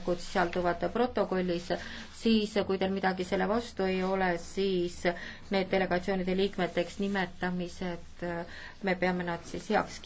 ettepanekud sisalduvad protokollis, siis kui teil midagi selle vastu ei ole, siis need delegatsioonide liikmeteks nimetamised, me peame nad siis heaks